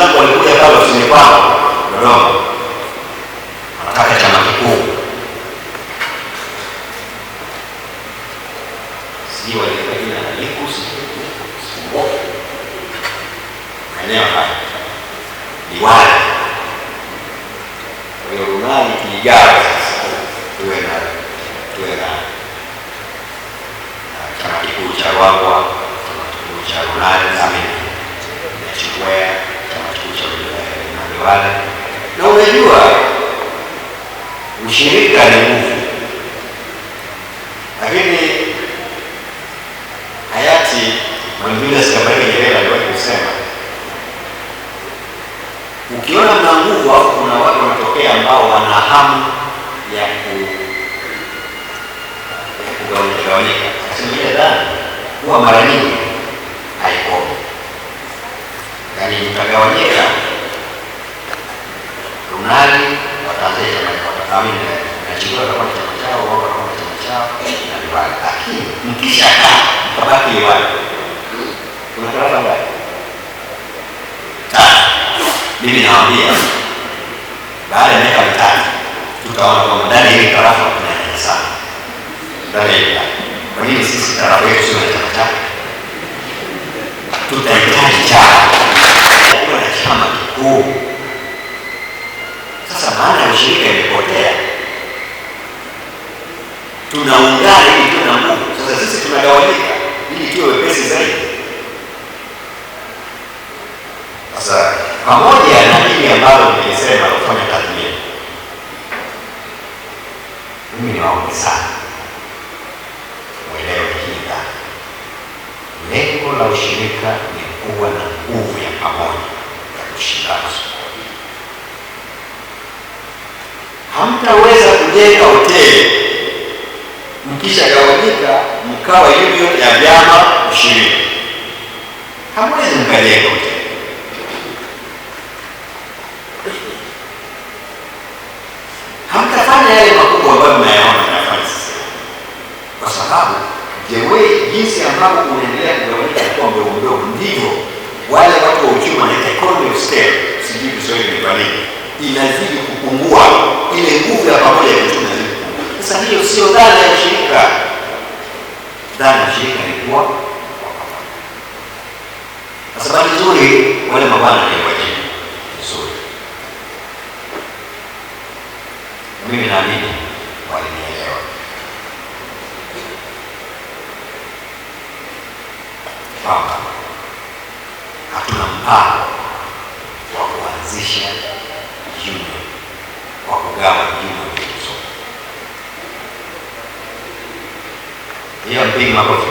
zangu walikuja pale ofisini Dodoma, wanataka chama kikuu, sijui walikuwa jina la Liku, maeneo haya diwani. Kwa runani ijayo sasa tuwe na tuwe na chama kikuu cha Ruangwa, chama kikuu cha runani ibada. Na unajua ushirika ni nguvu, lakini hayati Mwalimu Julius Kambarage Nyerere aliwahi kusema, ukiona mna nguvu au kuna watu wanatokea ambao wana hamu ya kugawanyika, asilimia huwa mara nyingi haikomi, yaani mtagawanyika nani wataanzia chama na chakula kama chama chao wao kama chama chao na diwani, lakini mkishakaa mtabaki diwani, kuna tarafa gani? Mimi nawaambia baada ya miaka mitatu tutaona kwamba ndani ya tarafa kuna hela sana ndani ya Kwa nini sisi tarafa yetu sio chama chake? Tutaita mshirika imepotea, tunaungana ili tuwe na nguvu. Sasa sisi tunagawanyika ili tuwe wepesi zaidi. Sasa pamoja na hili ambalo nimesema kufanya tathmini, mimi niwaombe sana mwelewe hili dhana. Lengo la ushirika ni kuwa na nguvu ya pamoja ya kushindana. hamtaweza kujenga hoteli gawanyika mkawa union ya vyama ushirika, hamwezi mkajenga hoteli. Hamtafanya yale makubwa ambayo mnayaona nafasi kwa sababu jewe jinsi ambavyo unaendelea kugawanyika kuwa mdogo mdogo, ndivyo wale watu wa uchumi wanaita sijui Kiswahili imefariki, inazidi kupungua nguvu ya pamoja ya Sasa hiyo sio dhana ya shirika. Dhana ya shirika ni kuwa kwa sababu nzuri, wale mabwana ni wajibu nzuri, mimi naamini walinielewa kwamba hatuna mpango Piga makofi.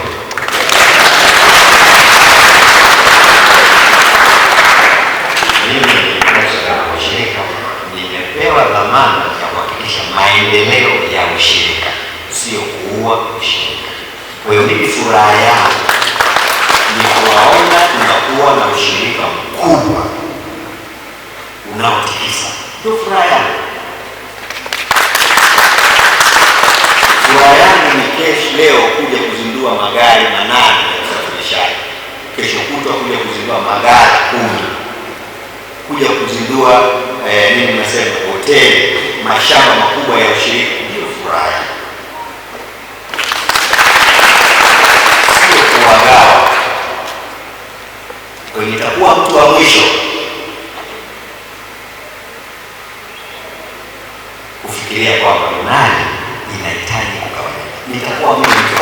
dhamana ya kuhakikisha maendeleo ya ushirika, sio kuua ushirika. Kwa hiyo mimi furaha yangu ni kuwaona tunakuwa na ushirika mkubwa unaotikisa, ndio furaha yangu. Furaha yangu ni kesho leo kuzindua magari manane ya usafirishaji, kesho kutwa kuja kuzindua magari kumi, kuja kuzindua eh, nini nasema hoteli, mashamba makubwa ya ushiriki. Ndio furaha, sio kuwagawa. Nitakuwa mtu wa mwisho kufikiria kwamba nani inahitaji kugawanyika, nitakuwa mtu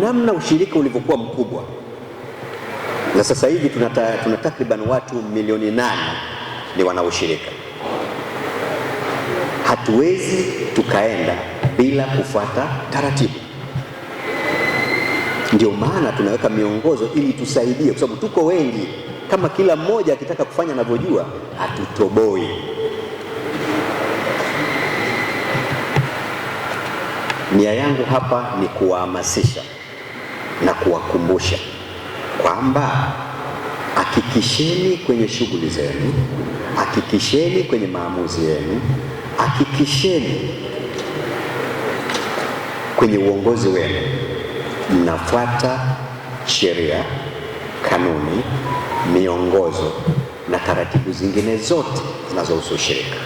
namna ushirika ulivyokuwa mkubwa, na sasa hivi tuna takriban watu milioni nane ni wanaoshirika. Hatuwezi tukaenda bila kufuata taratibu, ndio maana tunaweka miongozo ili tusaidie, kwa sababu tuko wengi. Kama kila mmoja akitaka kufanya anavyojua, hatutoboi. Nia yangu hapa ni kuwahamasisha na kuwakumbusha kwamba hakikisheni kwenye shughuli zenu, hakikisheni kwenye maamuzi yenu, hakikisheni kwenye uongozi wenu mnafuata sheria, kanuni, miongozo na taratibu zingine zote zinazohusu shirika.